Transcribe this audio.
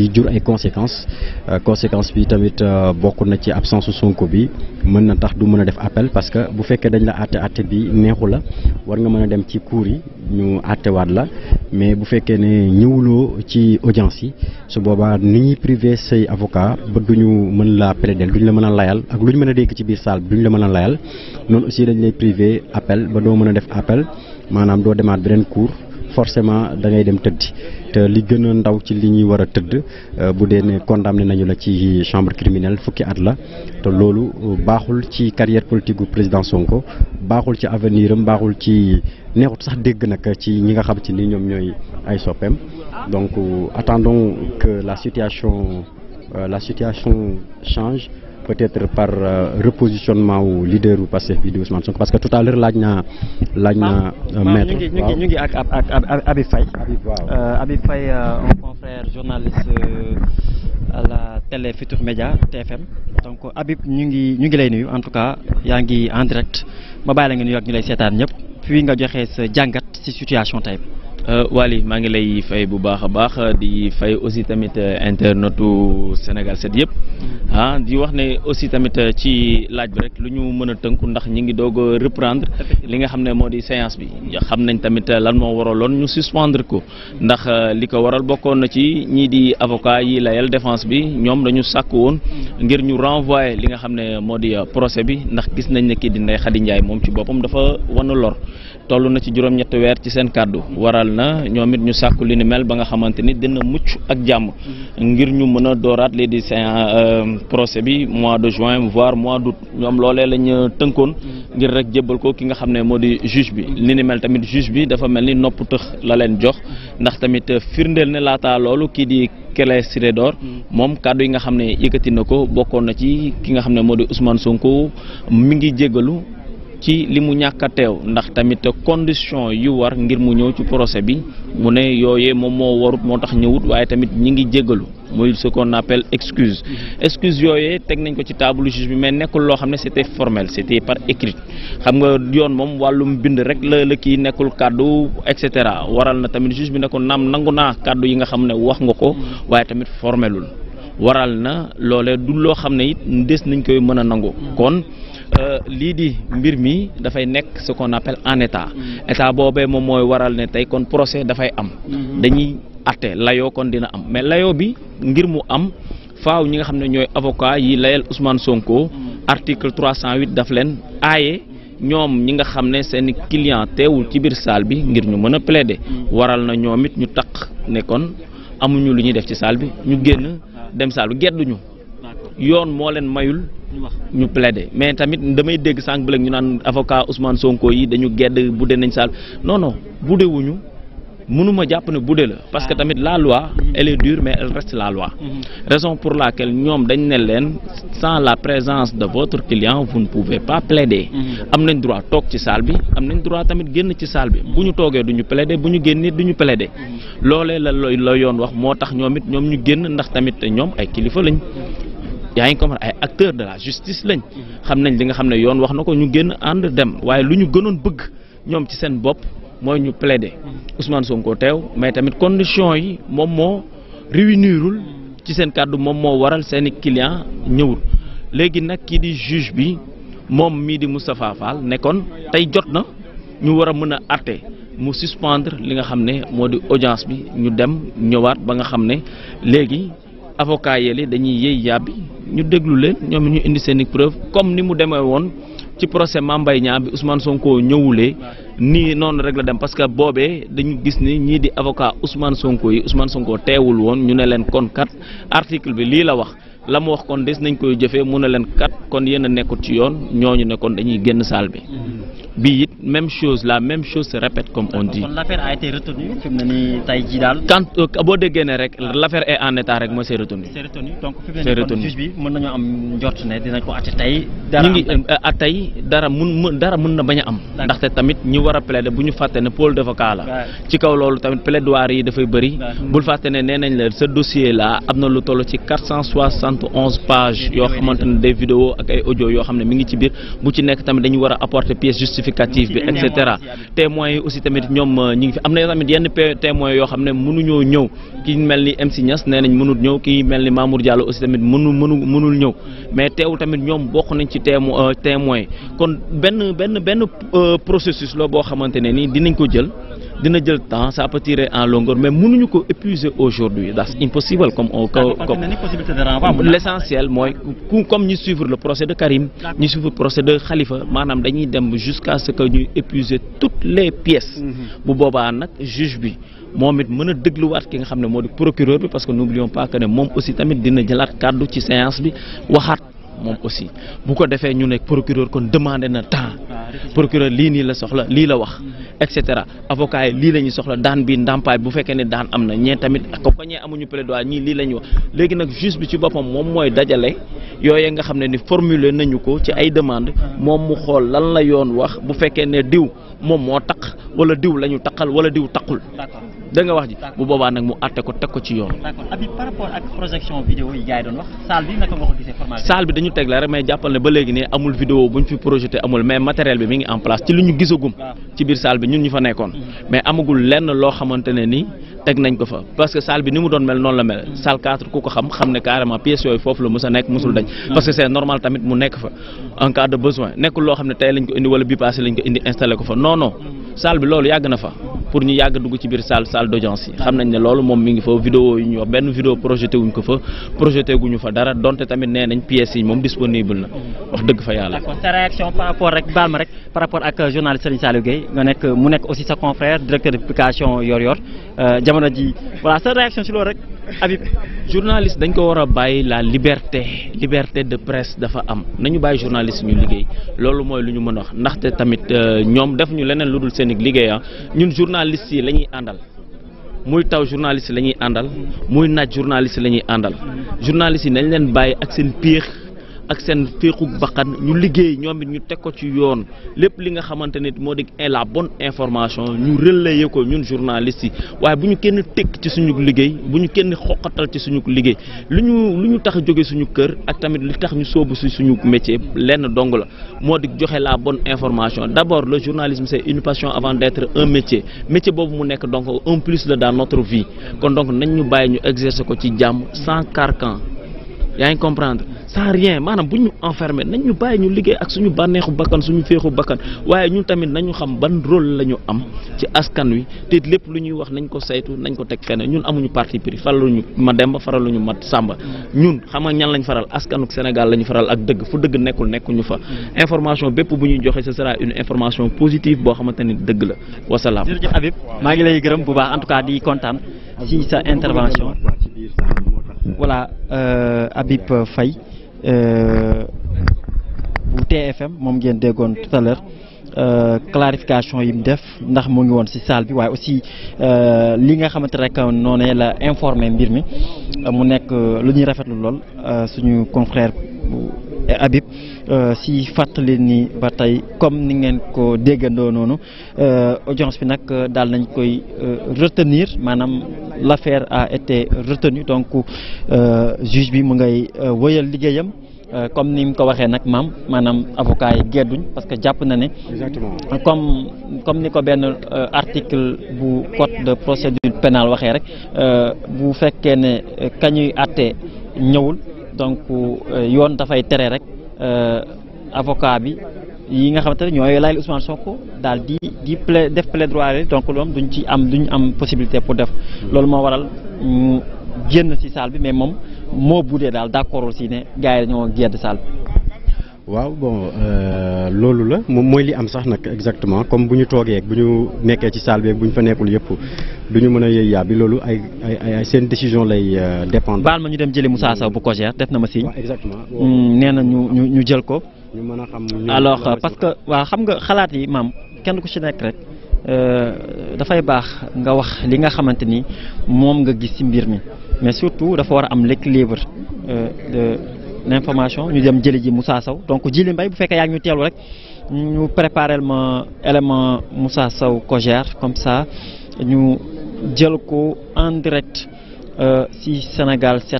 di jur ay conséquence euh, conséquence bi tamit euh, bokk na ci absence su Sonko bi mën na tax du mën a def appel parce que bu fekkee dañ la àtte àtte bi neexu la war nga mën a dem ci cour yi ñu àttewaat la mais bu fekkee ne ñëwuloo ci audience yi su boobaa ni ñuy privé say avocat ba duñu mën laa plaider duñ la mën a layal ak lu ñu mën a dékk ci biir salle bi duñ la mën a layal noonu aussi dañ lay privé appel ba doo mën a def appel maanaam doo demaat forcément da ngay dem tëddi te li gën ndaw ci li ñuy war a tëdd euh, bu dee ne condamné nañu la ci chambre criminelle fukki at la te loolu euh, baaxul ci carrière politique gu président Sonko baaxul ci avenir baaxul ci neexut sax dégg nag ci ñi nga xam ci ni ñoom ñooy ay soppeem donc euh, attendon que la situation la situation change peut-être par euh, repositionnement wu leader bu Pastef bi di Ousmane Sonko parce que tout à l'heure laaj naa laaj naa euh, maître ñu ngi ñu ngi ak ak Habib Faye Habib euh, Faye un confrère journaliste à la télé Futur Média TFM donc Habib ñu ngi ñu ngi lay nuyu en tout cas yaa ngi en direct ma bàyyi la nga ak ñu lay seetaan ñëpp fii nga joxe sa jàngat si situation tey Euh, Waly maa ngi lay fay bu baax a baax di fay aussi tamit euh, internetu Sénégal set yëpp mm-hmm. ah di wax ne aussi tamit euh, ci laaj bi rek lu ñu mën a tënku ndax ñi ngi doog reprendre li nga xam ne moo di séance bi xam nañ tamit lan moo waraloon ñu suspendre ko ndax li ko waral bokkoon na ci ñii di avocat yi layal défense bi ñoom dañu sàkk woon mm-hmm. ngir ñu renvoyer li nga xam ne moo di procès bi ndax gis nañ ne kii di Ndeye Ndiaye moom ci boppam dafa wan lor tollu na ci juróom-ñetti weer ci seen kàddu waral na ñoom it ñu sàkku li ni mel ba nga xamante ni dina mucc ak jàmm mm-hmm. ngir ñu mën a dooraat lii di euh, procès bi mois de juin voire mois d'août ñoom loolee lañ euh, tënkoon mm-hmm. ngir rek jébbal ko ki nga xam ne moo di juge bi mm-hmm. li ni tamit juge bi dafa mel ni nopp tëx la leen jox ndax tamit euh, firndeel ne laataa loolu kii di Kélé door moom kàddu yi nga xam ne yëkkati na ko bokkoon na ci ki nga xam ne moo di Ousmane Sonko mi ngi jéggalu ci li mu ñàkk a teew ndax tamit condition yu war ngir mu ñëw ci procès bi mu ne yooyee moom moo warut moo tax ñëwut waaye tamit ñi ngi jéggalu muy ce qu'on appelle excuse mm-hmm. excuse yooyee teg nañ ko ci table juge bi mais nekkul loo xam ne c'était formel c'était par écrit xam nga yoon moom wàllum bind rek la la kii nekkul kàddu et cetera waral na tamit juge bi ne ko naam nangu naa kàddu yi nga xam ne wax nga ko mm-hmm. waaye tamit formelul waral na loole du loo xam ne it des nañ koy mën a nangu mm-hmm. kon Euh, lii di mbir mi dafay nekk ce qu'on en état mm. état boobee moom mooy waral ne tey kon procès dafay am mm-hmm. dañuy atte layoo kon dina am mais layoo bi ngir mu am faw ñi nga xam ne ñooy avocat yi layal Ousmane Sonko mm. article 308 daf leen aaye ñoom ñi nga xam ne seen client teewul ci biir salle bi ngir ñu mën a de mm. waral na ñoom it ñu taq ne kon amuñu lu ñuy def ci salle bi ñu génn ah. dem salle bi gedduñu yoon moo leen mayul ñu plaider mais tamit damay dégg sànq bële ñu naan avocat Ousmane Sonko yi dañu gedd budde nañ saal non non budde wuñu mënuma jàpp ne budde la parce que tamit la loi elle est dure mais elle reste la loi mhm. raison pour laquelle ñoom dañ ne leen sans la présence de votre client vous ne pouvez pas plaider mhm. am nañ droit toog ci salle bi am nañ droit tamit génn ci salle bi bu ñu toogee du ñu plaider bu ñu génnee du ñu plaider mhm. loolee la la yoon wax moo tax ñoom it ñoom ñu génn ndax tamit ñoom ay kilifa yaa ngi comprendre ay acteur de la justice lañ. xam nañ li nga xam ne yoon wax na ko ñu génn ànd dem waaye lu ñu gënoon bëgg ñoom ci seen bopp mooy ñu plaider Ousmane Sonko teew mais tamit condition yi moom moo réunirul ci seen kàddu moom moo waral seen i client ñëwul léegi nag kii di juge bi moom mii di Moustapha Fall nekkoon tey jot na ñu war a mën a àtte mu suspendre li nga xam ne moo di audience bi ñu dem ñëwaat ba nga xam ne léegi avocat yeli dañuy yëy yàbbi ñu déglu leen ñoom ñu indi seen i preuve comme ni mu demee woon ci procès Mame Mbaye Niang bi Ousmane Sonko ñëwulee nii noonu rek la dem parce que boobee dañu gis ni ñii di avocat Ousmane Sonko yi Ousmane Sonko teewul woon ñu ne leen kon kat article bi lii la wax la mu wax kon des nañ koy jëfee mu ne leen kat kon yéen a nekkut ci yoon ñooñu ne kon dañuy génn salle bi. Mhm. bii it même chose la même chose se répète comme on dit. kon l'affaire a été retenue fi mu ne nii euh, boo déggee ne rek l'affaire est en état rek mooy c'est retenu. c'est retenu donc fi mu ne am njort ne dinañ ko àtte tey. dara ñu ngi a euh, tey dara mun dara mun na bañ a am. ndaxte tamit ñi war a plaider bu ñu fàtte ne pôle d'avocat ci kaw loolu tamit plaidoirie yi dafay bëri. bul fàtte nee nañ la sa dossier soixante onze pages yoo xamante ne des vidéos ak ay audio yoo xam ne mi ngi ci biir bu ci nekk tamit dañu war a apporter pièce justificative bi et cetera témoins yi aussi tamit ñoom euh, ñi ngi fi am na tamit yenn témoins yoo xam ne mënuñoo ñëw ki mel ni MC Niass nee nañ mënul ñëw ki mel ni Mamour Diallo aussi tamit mënu mënu mënul ñëw mais teewul tamit ñoom bokk nañ ci euh, témoins kon benn benn benn euh, processus boo xamante ne nii dinañ ko jël dina jël temps ça peut en longueur mais mënuñu ko épuiser aujourd'hui that's impossible comme on comme l'essentiel mooy comme ñu suivre le procès Karim ñu suivre procès Khalifa maanaam dañuy dem jusqu'à ce que ñuy épuiser toutes les pièces mhm. bu boobaa nag juge bi moom it mën a dégluwaat ki nga xam ne moo di procureur bi parce que n'oublions pas que ne moom aussi tamit dina jëlaat kàddu ci séance bi waxaat moom aussi bu ko defee ñu ne procureur na temps pour procureur lii nii la soxla lii la wax et cetera avocat lii la ñuy soxla daan bi ndàmpaay bu fekkee ne daan am na ñee tamit compagnie amuñu plaidoyer ñii lii la ñuy wax léegi nag juge bi ci boppam moom mooy dajale yooyu nga xam ne ni formuler nañu ko ci ay demande moom mu xool lan la yoon wax bu fekkee ne diw moom moo taq wala diw la ñu taqal wala diw taqul. da nga wax ji bu boobaa nag mu àtte ko teg ko ci yoon. Habib par rapport ak projection vidéo yi gars yi doon wax salle bi naka nga ko gisee formation. salle dañu teg la rek mais jàppal ne ba léegi ne amul vidéo buñ fi projeté amul mais matériel bi mi ngi am place ci lu ñu gisagum. ci biir salle bi ñun ñu fa nekkoon. Mhm. mais amagul lenn loo xamante ne ni teg nañ ko fa parce que salle bi ni mu doon mel noonu la mel. Mhm. salle 4 ku ko xam xam ne carrément pièces yooyu foofu la mës a nekk mësul dañ. Mhm. parce que c'est normal tamit mu nekk fa loo xam ne tey lañ ko indi wala bii passé lañ indi installé ko fa non bi loolu yàgg na fa pour ñu yàgg dugg ci biir salle salle d'audience yi xam nañ ne loolu moom mi ngi fa vidéo yu ñu wax benn vidéo projeté wuñ ko fa projeté guñu fa dara donte tamit nee nañ yi moom disponible na wax dëgg fa yàlla. d'accord sa réaction par rapport rek baal ma rek par rapport ak euh, journaliste Serigne Saliou Gueye nga nekk mu nekk aussi sa confrère directeur de publication Yoor Yoor euh, ji voilà sa réaction si loolu rek. Habib journaliste dañ ko war a bàyyi la liberté liberté de presse dafa am nañu bàyyi journaliste ñu liggéey loolu mooy lu ñu mën a wax ndaxte tamit euh, ñoom def ñu leneen lu dul seen liggéeya ah. ñun journaliste yi la ñuy àndal muy taw journaliste la ñuy àndal muy naaj journaliste la ñuy àndal journaliste yi nañ leen bàyyi ak seen piir ak seen féexug baqan ñu liggéey ñoom it ñu teg ko ci yoon lépp li nga xamante nit moo di la bonne information ñu relayer ko ñun journalistes yi waaye bu ñu kenn tekk ci suñu liggéey bu ñu kenn xoqatal ci suñu liggéey lu ñu lu ñu tax jóge suñu kër ak tamit li tax ñu soobu si suñu métier lenn dong la moo di joxe la bonne information d'abord le journalisme c'est une passion avant d'être un métier métier boobu mu nekk donc un plus la dans notre vie kon donc nañ ñu bàyyi ñu exercer ko ci jàmm sans carcan yaa ngi sans rien maanaam bu ñu enfermer nañ ñu bàyyi ñu liggéey ak suñu bànneexu bakkan suñu féexu bakkan waaye ñun tamit nañu xam ban role la ñu am ci askan wi te lépp lu ñuy wax nañ ko saytu nañ ko teg feneen ñun amuñu parti pris faraluñu ma Demba faraluñu ma Samba ñun xam nga ñan lañ faral askanu Sénégal lañu faral ak dëgg fu dëgg nekkul nekkuñu fa information bépp bu ñuy joxee ce sera une information positive boo xamante ni dëgg la wasalaam. jërëjëf Habib maa ngi lay gërëm bu baax en tout cas di kontaan ci sa intervention voilà euh, Habib Faye Euh, bu TFM moom ngeen déggoon tout à l'heure euh, clarification yi mu def ndax mu ngi woon ci salle bi waaye aussi euh, li nga xamante rek noonee la informé mbir mi mu nekk lu ñuy rafetlu lool suñu confrère et Habib euh, si fàttali ni ba tey comme ni ngeen ko déggandoo noonu euh, audience bi nag euh, daal nañ koy retenir maanaam l'affaire a été retenue donc juge bi mu ngay woyal liggéeyam. comme ni nga ko waxee nag maam maanaam avocat yi gedduñ parce que jàpp na ne comme comme ni ko benn article bu code de procédure pénale waxee rek bu fekkee ne kañuy àtte ñëwul donc euh, yoon dafay tere rek euh, avocat bi yi nga xam ne ñooy layal Ousmane Sonko daal di di pla def plaidoirie donc loolu duñ ci am duñ am possibilité pour def loolu moo waral ñu génn ci salle bi mais moom moo buddee daal d'accordul si ne gars yi dañoo génn salle bi waaw bon euh, loolu la moom mooy li am sax nag exactement comme bu ñu toogee bu ñu nekkee ci salle bi bu ñu fa nekkul yëpp du ñu mën a yëy yaa bi loolu ay ay ay seen décision lay euh, dépendre. baal ma ñu dem mu Moussa Sow bu COJER def na ma signe. exactement hmm, nee na ñu ñu ñu jël ko. ñu mën a xam alors parce que waaw xam nga xalaat yi maam kenn ku ci nekk rek. Euh, dafay baax nga wax li nga xamante ni moom nga gis ci mbir mi mais surtout dafa war a am l'équilibre l'information ñu dem jëli ji Moussa saw donc Djily mbay bu fekkee yaa ngi ñu teelu rek ñu préparel ma élément Moussa Sow Cogère comme ça ñu jël ko en direct euh, si Sénégal 7